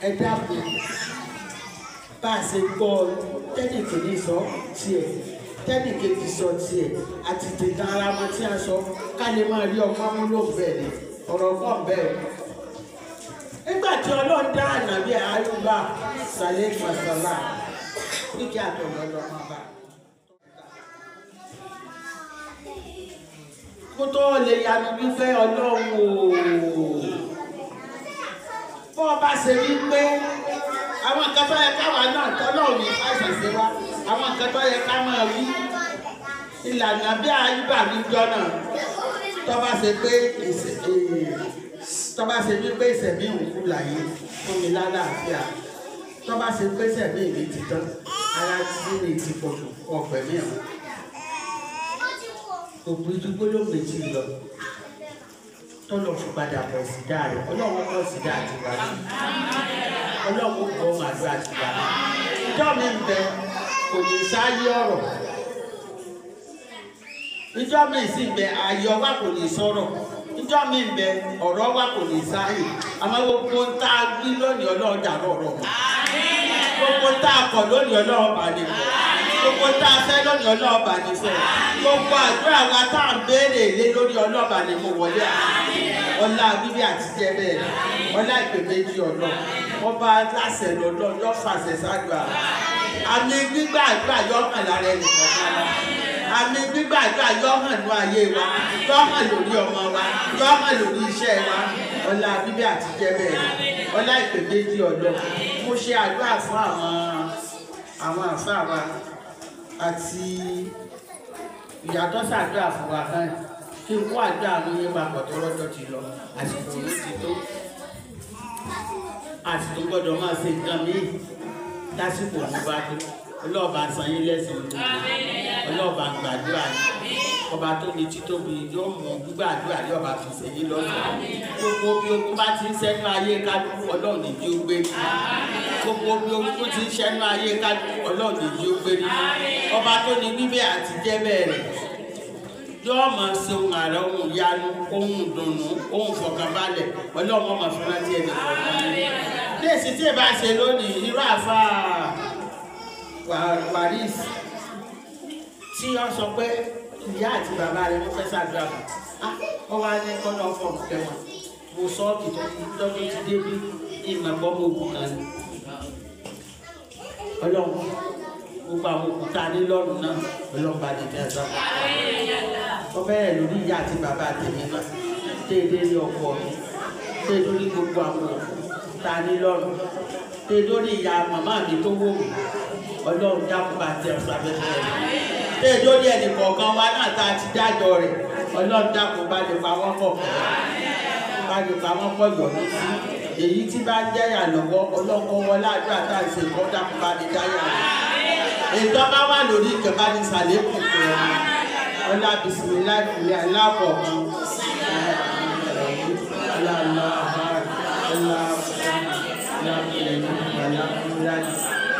ẹ dáàbò bá a ṣe gbọ́ tẹ́nì kìíní sọ tiẹ̀ tẹ́nì kejì sọ tiẹ̀ àti tètè ara wọn tí a sọ ká lè máa rí ọgbọ́n mú ló bẹ́ẹ̀ ni ọ̀rọ̀ ọgbọ́n bẹ́ẹ̀. nígbà tí ọlọ́run dá ànábì àyùbá sàlẹ̀ fàṣàlà níkẹ́ àtọ̀gbọ́ lọ́mọ bá. kó lè yanu wípé ọlọ́run ooo bó o bá ṣe rí pé àwọn nǹkan tó yẹ káwa náà tọ́lọ̀ ní fàṣẹ sí wa àwọn nǹkan tó yẹ ká máa wí ìlànà bí àyíbà mi jọ náà tó bá ṣe pé eh, tó bá ṣe wípé ìṣẹ̀mí òkú láyé fún mi lálàáfíà tó bá ṣe pé ìṣẹ̀mí mi ti tán ara tí mi ti pọ̀ ọ̀pẹ̀ mi hàn òpin ju gbólóhùn méjì lọ tọ́lọ̀ fi padà bọ̀ sí dáàrẹ̀ ọlọ́wọ́ bọ̀ sí dáàtì wa ọlọ́wọ́ bọ̀ màdúrà ti wa ìjọ mi ń bẹ kò ní sáyé ọ̀rọ̀ ìjọ mi sì ń bẹ ayọ̀ wa kò ní sọ̀rọ̀ ìjọ mi ń bẹ ọ̀rọ̀ wa kò ní sáyé àmọ́ gbogbo ń tá a gbí lónìí ọlọ́run dàrọ̀ gbogbo ń tá a kọ̀ lónìí ọlọ́run bàlẹ̀ mọ́ gbogbo tá a fẹ́ lónìí ọlọ́ọ̀bà ní fẹ́ gbogbo àdúrà wa tá à ń béèrè lé lórí ọlọ́ọ̀bà ni mo wọlé ọlá bíbí àti jẹ bẹ́ẹ̀ ọlá ìpè méjì ọ̀nà ọba láṣẹ lọ́nà yọ fàṣẹ sáàdùà àmì gbígbà àdúrà yọ hàn lára ẹnì kọ̀ọ̀kan wa àmì gbígbà àdúrà yọ hàn ní ayé wa yọ hàn lórí ọmọ wa yọ hàn lórí iṣẹ́ wa ọlá bíbí àti jẹ bẹ́ẹ̀ ọlá ìpè méjì ọ̀nà mo ṣe àdúrà fún àwọn àwọn àfáà wa àti ìyàtọ̀ sàdúrà fún wa kan kí n kó àdúrà ló yẹ papọ̀ tọ́lọ́jọ́ ti lọ àsìkò ló ti tó àsìkò gbọ́dọ̀ máa ṣe nǹkan míì lásìkò ló bá tó ọlọ́ọ̀bà san yín lẹ́sìn-ín ọlọ́ọ̀bà gbàdúrà yín ọba tó lè títóbi yóò mú gbígbàdúrà yóò bá fi ṣèyí lọ́sàn-án gbogbo bí ogun bá ti ń sẹ́nu ayé kálukú ọlọ́run ní bí ó gbé ní gbogbo bí ogun tó ti ń sẹ́nu ayé kálukú ọlọ́run ní bí ó gbé ní ọba tó ní bíbẹ́ àti jẹ́ bẹ́ẹ̀ rẹ̀ yóò máa ṣe ohun ààrẹ ohun ìyanu ohun ìdùnnú ohun ìfọ̀kànbalẹ̀ ọlọ́run ọmọ fúnra tiẹ̀ nìkan léèsì tí tí wọ́n sọ pé ìyá àti bàbá rẹ̀ ló fẹ́ ṣàdúrà fún ah, ọ wá ní kọ́nà ọkọ̀ kẹwọn mo sọ́ọ̀kì tọ́jú ti débi ìmọ̀ ẹ̀kọ́ mo kù kan ni ọlọ́run gbogbo àwọn òkúta nílọ́ọ̀nù náà ọlọ́run bá dìde ẹ̀sọ́ ọ bẹ́ẹ̀ lórí ìyá àti bàbá tèmi náà déédéé ní ọkọ mi déédéé ní gbogbo àwọn òkúta nílọ́ọ̀nù déédéé ní ìyá màmá mi tó wò mí ọlọ́run dákú bá tẹ ọ̀sán abẹ́fẹ́ ṣé lórí ẹnì kọ̀ọ̀kan wa náà tá a ti dájọ́ rẹ̀ ọlọ́run dàpọ̀ bá lè pa wọ́n pọ̀ bá lè pa wọ́n pọ̀ yọ̀ sí èyí tí bá ń jẹ́yà lọ́wọ́ ọlọ́kọ́ wọn láàjọ àtàṣe kọ́ dàpọ̀ bá lè dáyà rẹ̀ ètò ọba wà lórí ìkẹ́bá ní sàlékùn fún ọ ọlá bisimilá láìpẹ́ aláàkọ̀ọ̀kan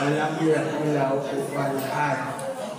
Alhamdulillah.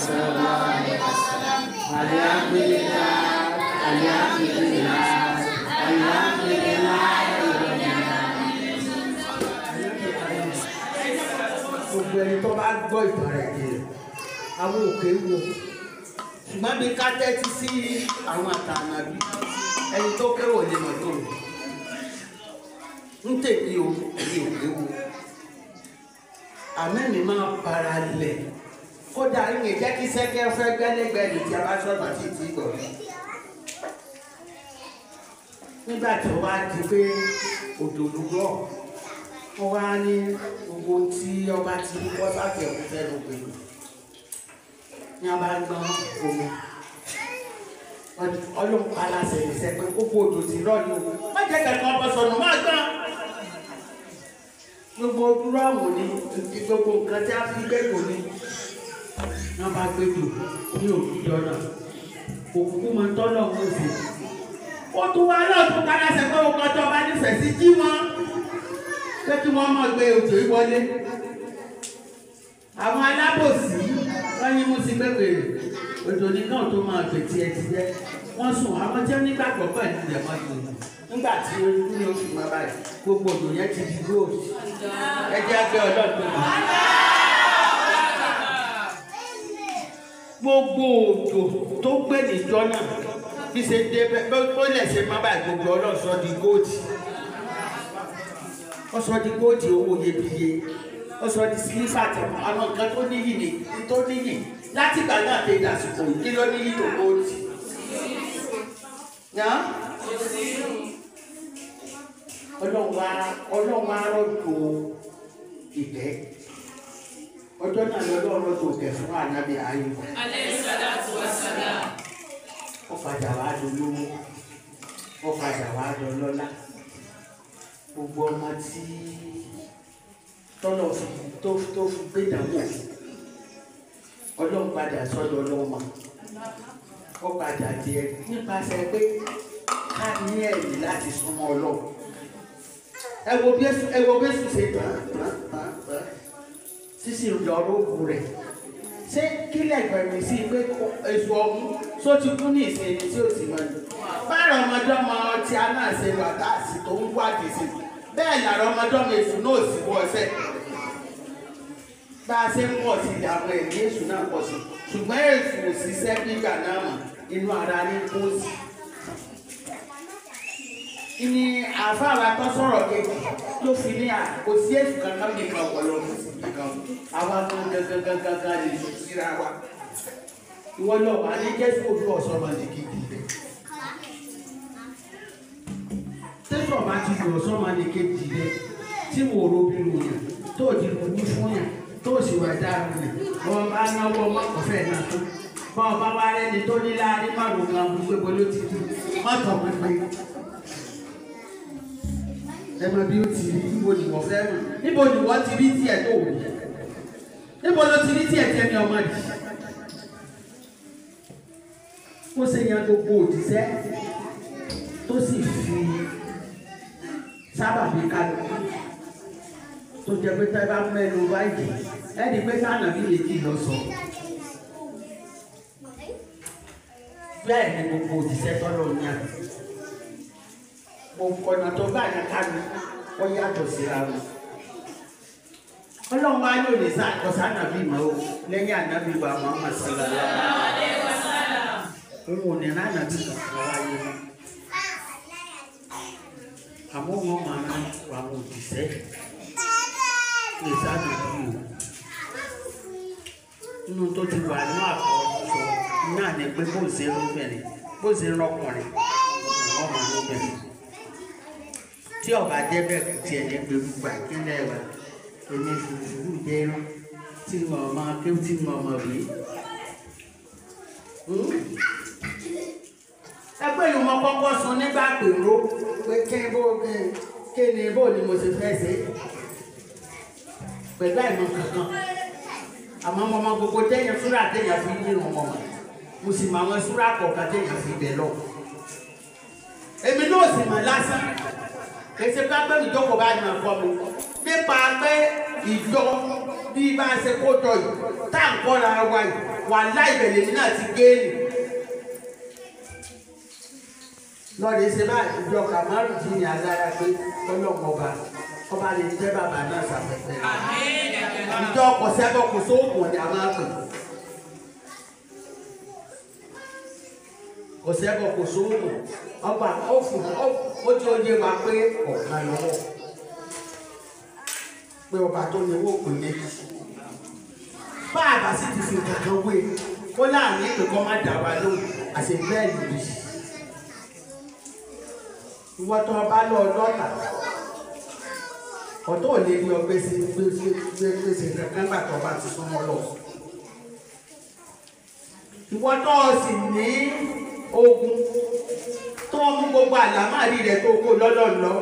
sallallahu alaihi wasallam alhamdulillah alhamdulillah alhamdulillah gbogbo ẹni tó bá gbọ́ ìtàn rẹ̀ yìí àwọn òkè wo ṣùgbọ́n bí ká tẹ́tí sí àwọn àtànàbí ẹni tó kéré òde mọ̀ tó lò ń tèmi o èmi ò léwu àmẹ́ni máa para lẹ̀ kódà ìyẹn jẹ́ kí sẹ́kẹ́ fẹ́ gbẹ́lẹ́gbẹ́ lè tí a bá sọ̀rọ̀ àti ìtì ìgbọ̀ mi. nígbà tí wọ́n á di pé odò ló gbọ́ wọ́n wá ní gbogbo tí ọba ti ní kọ́ sáfẹ́ òun fẹ́ ló gbé ní a bá ń gbọ́n omi ọlọ́run palasẹ̀ ìṣẹ́ pé gbogbo odò ti rọ́ ni o má jẹ́ kẹ̀kọ́ ọbọ̀ sọ̀nù má gbọ́n gbogbo dúró àwọn ni gbogbo nǹkan tí a fi gbẹ́kọ̀ọ́ ni náà bá gbé jù ní òkú jọ̀nà òkú mọ tọ́lọ̀ mọ̀ sí. ó tún wá náà tún padà ṣe pé ó kọjọ bá nífẹ̀ẹ́ sí jí wọn pé kí wọ́n mọ̀ gbé òjò ìwọlé. àwọn alábòsí wọ́n mú sí gbẹ̀gbẹ̀rẹ̀ òjò ní náà tó máa gbè tiẹ̀ ti jẹ́ sùn àwọn tí wọ́n nígbàgbọ́ pẹ̀lú ìjẹ̀mọ́ ìgbìmọ̀ nígbà tí o ní ní oṣù bàbá yìí gbogbo òdò yẹn ti di gbòòrò ẹ jẹ́ abẹ́ ọlọ́dún. gbogbo òjò tó gbé níjọ́ náà bí ṣe dé bó lẹ̀ ṣe má báyìí gbogbo ọlọ́sọ di góòtì ọsọ di góòtì owó iyebíye ọsọ di sílífà tẹ̀ àwọn nǹkan tó níyì ni tó níyì láti ìgbà náà dé ìdásùkò yìí kí ló níyì tó góòtì. ọlọ́run wa ọlọ́run wa rọ̀jò ìgbẹ́ ọjọ́ náà lọ́dọ̀ ọ̀rọ̀ tó kẹ̀ fún ànábì ayé. ó padà wá dolówó ó padà wá dọlọ́lá gbogbo ọmọ tí tọ́lọ̀ tó fi gbé dàgbò ọlọ́run padà sọ́dọ̀ ọlọ́mọ ó padà di ẹ nípasẹ̀ pé ká ní ẹ̀rí láti súnmọ́ ọlọ́run ẹ wo bí ẹ wo bí ẹ sùn ṣe tán tán tán sísì yọrọ òkú rẹ̀ ṣé kílẹ̀ gbẹ̀mí sí pé èso ọ̀hún tó ti kú ní ìsinmi tí ó ti mọ̀ ní. báyọ̀ ọmọdọ́mọ ọtí aláṣẹ bàtà àti tó ń wádìí sí bẹ́ẹ̀ làrá ọmọdọ́mọ èso náà sì wọ ọsẹ̀. bá a ṣe ń pọ̀ sí ìdààmú ẹ̀mí èso náà pọ̀ sí ṣùgbọ́n èso òṣìṣẹ́ gbígbà náà mọ̀ inú ara ní kó sí ni àfáàrà tó sọ̀rọ̀ kejì tó fi ní kò sí èsù kankan nìkan ọ̀pọ̀lọpọ̀ sí nìkan àwa tó gangan lè sùn síra wa ìwọ lọ wà ní jésù òbí ọ̀sán ọmọ nìkejì tẹ́sán bá ti lò ọ̀sán ọmọ nìkejì rẹ tí mo ro bí lu yàn tó di lu ní fún yàn tó sì wà dáàbò yàn wọn bá náwó ọmọ kọfẹ́ náà tó bá ọba wa rẹ ni tó ní láàrin márùn-ún kan gbogbo ló ti dùn mọ́tò mọ́tò ẹ mọ bí ó ti rí níbo ni wọ́n fẹ́ràn níbo ni wọ́n ti rí tiẹ̀ tó wù níbo ló ti rí tiẹ̀ tiẹ̀ ní ọmọ rẹ̀ ó ṣe yan gbogbo òjíṣẹ́ tó sì fi sábàbí kalẹ̀ tó jẹ́ pé tẹ́ bá mẹ́nu báyìí ẹni pé sáànà bí èjì lọ sọ. bẹ́ẹ̀ ni gbogbo òjíṣẹ́ tọ́lọ́ ní àná ọ̀nà tó bá yàn ká mi wọ́n yàtọ̀ síra wọn. ọlọ́run wá yóò lè sá àkọsá ànábì mọ́ o lẹ́yìn ànábì wa Muhammad sallallahu alaihi wasallam. òun ò ní rán ànábì kankan wáyé mọ́. àmọ́ wọn máa rán àwọn òjíṣẹ́ lè sá ànábì o. inú tó ti wà nínú àkọ́kọ́ náà ni pé bó ṣe ń rọ́bìnrin bó ṣe ń rọ́kùnrin ọmọ lóbìnrin tí ọba jẹ́ bẹ́ẹ̀ kò tiẹ̀ yẹ pé gbogbo àkílẹ̀ wa èmi fùfúrú jẹ́ irun tí mo mọ kí tí mo mọ rí. ẹgbẹ́ yìí mo kọ́kọ́ sun nígbà pèrò pé kí ni bó kí ni bó ni mo ṣe fẹ́ ṣe pẹ̀lú àìmọ̀ kankan àmọ́ mo mọ gbogbo téèyàn súrà téèyàn fi ń yírun mọ́ mo sì mọ àwọn súrà kọ̀ọ̀kan téèyàn fi bẹ̀ lọ. èmi náà sì mọ̀ lásán kèsì pápẹ́ ìjókòó bá yàn kọ́ mi nípa pé ìjọ bí bá ń ṣe kó jọ yìí tá à ń kọ́ ra wa yìí wà láì bẹ̀rẹ̀ mi náà ti gé nì. lọ́ọ̀dẹ̀ ṣe bá ìjọ kàmárù ti ní agbára pé ọlọ́mọba ọba lè jẹ́ bàbá náà ṣàpẹ̀pẹ̀. ìjọ ọkọ̀ sẹ́gbọ̀n kò sóògùn ni a máa ń pè é. kò sẹ́gbọ̀n kò sóògùn ọgbà ó jẹ́ oyè wa pé ọ̀gá lọ́wọ́ pé ọba tó ní owó kò lébi bá a bá sì ti fi kankan wé ó láàrin ètò kan má dà wá lóhùn àti bẹ́ẹ̀ lòdì ìwọ tó ọba lọ lọ́tà ọ̀tọ̀ ò lè ní ọgbẹ́ sí gbèsè kankan gbà tó ọba ti súnmọ́ lọ ìwọ tó o sì ní ogun tó mú gbogbo àlámàrí rẹ̀ tó kó lọ́lọ́lọ́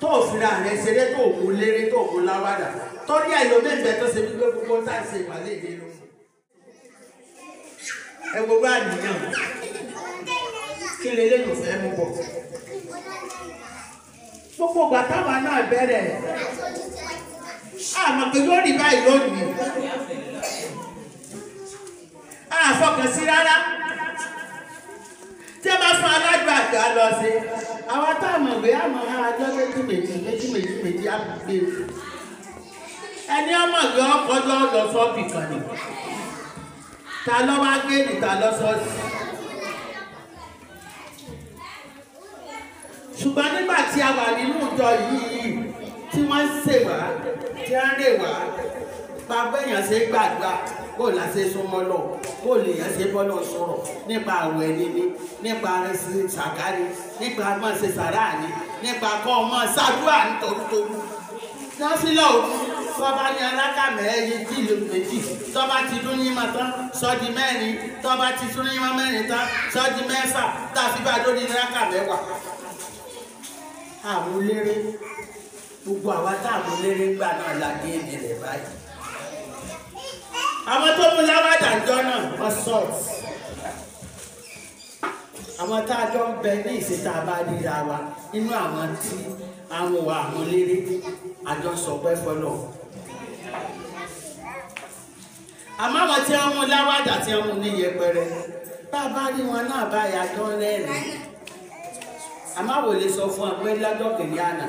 tó fira rẹ̀ ṣeré tó kó léré tó kó láwàdà torí àìlómi ìbẹ̀ tó ṣe wípé gbogbo tá à ń ṣe ìwàlẹ̀ ìdí ló mú. ẹ gbogbo àníyàn kí lélẹ́yìn fẹ́ mú bọ̀ gbogbo ìgbà táwa náà bẹ̀rẹ̀ àmọ́ pé yóò rí báyìí lónìí àfọkànsí rárá tí ẹ bá fún alágbà àgbà lọ sí àwọn táàmù ìwé àmọ́ ajọ méjì méjì méjì méjì méjì àgbègbè ẹni ọmọ ìwé ọkọ lọ lọ sọọbì kan ni ta lọ wá gbé ní ta lọ sọọsì. ṣùgbọ́n nígbà tí a wà nínú ìjọ yìí tí wọ́n ń ṣèwà tí wọ́n ń rèwà bàbá èèyàn ṣe gbàgbà kó là ṣe súnmọ́ lọ kó lè yàn ṣe bọ́ lọ sọ̀rọ̀ nípa àwẹ̀ níní nípa ṣàkárí nípa má ṣe sàráàní nípa kọ́ ọmọ ṣàdúrà nítorútorú lásìlọ òkú tọ́ba ní alákàmẹ́ ẹyẹ tí ìlú méjì tọ́ba ti dún ní ma tán sọ́ọ́dì mẹ́rin tọ́ba ti dún ní ma mẹ́rin tán sọ́ọ́dì mẹ́fà tàbí bá dún ní alákàmẹ́ wà. àwọn eléré gbogbo àwa tá àwọn eléré gbà náà la dé ìdílé báyìí mú lábàdà náà wọ́n sọ̀t. àwọn tá a jọ ń bẹ ní ìṣètà àbádìra wa nínú àwọn tí àwọn wà àwọn léré àjọṣọpẹ́ fọlọ́. àmọ́ àwọn tí wọ́n mú lábàdà tí wọ́n mú ní yẹpẹrẹ bá a bá rí wọn náà báyà jọ lẹ́rìn àmọ́ àwọn ò lè sọ fún wa pé lọ́jọ́ àná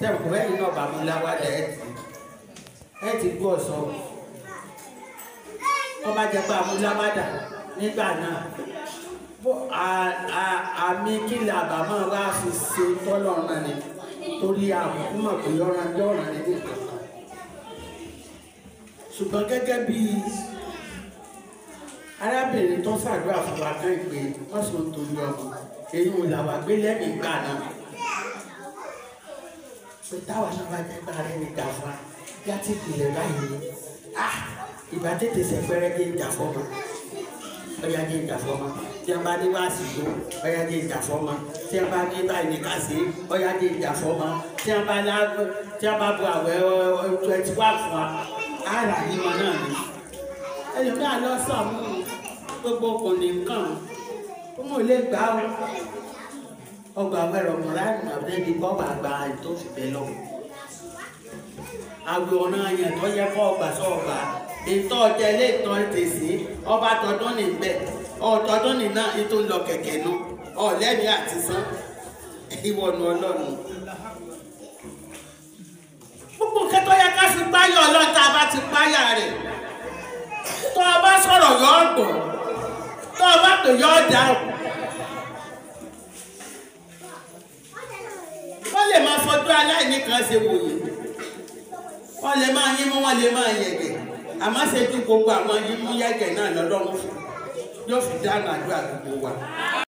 tẹ̀kọ́ ẹ̀yìn náà bàbá láwádà ẹ̀ ti gbọ́ sọ kọ́ bá jẹ́ pé amúlábàdà nígbà náà àmì kí làbàmọ́ wa fi ṣe tọ́lọ̀ náà ni torí àbùkù mọ̀ pé ọ̀ràn yọ̀ràn níbi kan ṣùgbọ́n gẹ́gẹ́ bí arábìnrin tó ṣàdúrà fún wa kan ìpè wọ́n sọ nítorí ọmọ èyí ò làwà gbé lẹ́mìí gbà náà pé táwa náà bá jẹ́ gbà rẹ̀ nígbà fún wa yá ti kìlẹ̀ báyìí ah ìbá tètè sẹpẹrẹ jẹ ìjà fọmọ ọyà jẹ ìjà fọmọ tí a bá ní wá sígbó ọyà jẹ ìjà fọmọ tí a bá ní báyìí ní kásì ọyà jẹ ìjà fọmọ tí a bá lágbó tí a bá bu àwẹ̀ twenty one fún wa ara yíma náà ni ẹlòmíà lọ sàmú gbogbo kò ní nǹkan ó mò lè gbà ó ọgbà wẹrọ mọra àbẹbí bọba gba ètò ìfẹ́ lọ àwọn ọ̀nà yẹn tó yẹ kó ọgbà sọ ọgbà ìtọ́ ọjà ilé ìtàn tèsí ọba tọdún ní bẹ ọtọdún ní náà ètò ńlọ kẹ̀kẹ́ nu ọ̀lẹ́mi àti sán ìwọ̀nù ọlọ́run. gbogbo nǹkan tó yẹ ká fi páyà ọlọ́run tá a bá ti páyà rẹ̀ tó o bá sọ̀rọ̀ yọ ọ̀gbọ̀n tó o bá pè yọ ọ̀dà ọ̀gbọ̀n. wọ́n lè máa fọdún aláìní kan ṣe wòye wọ́n lè máa yín mú wọ́n lè máa yẹ̀gẹ̀ àmọ́ ṣe ju gbogbo àwọn yíyá jẹ náà lọ́dọ̀ yóò fi dáná àdúrà gbogbo wa.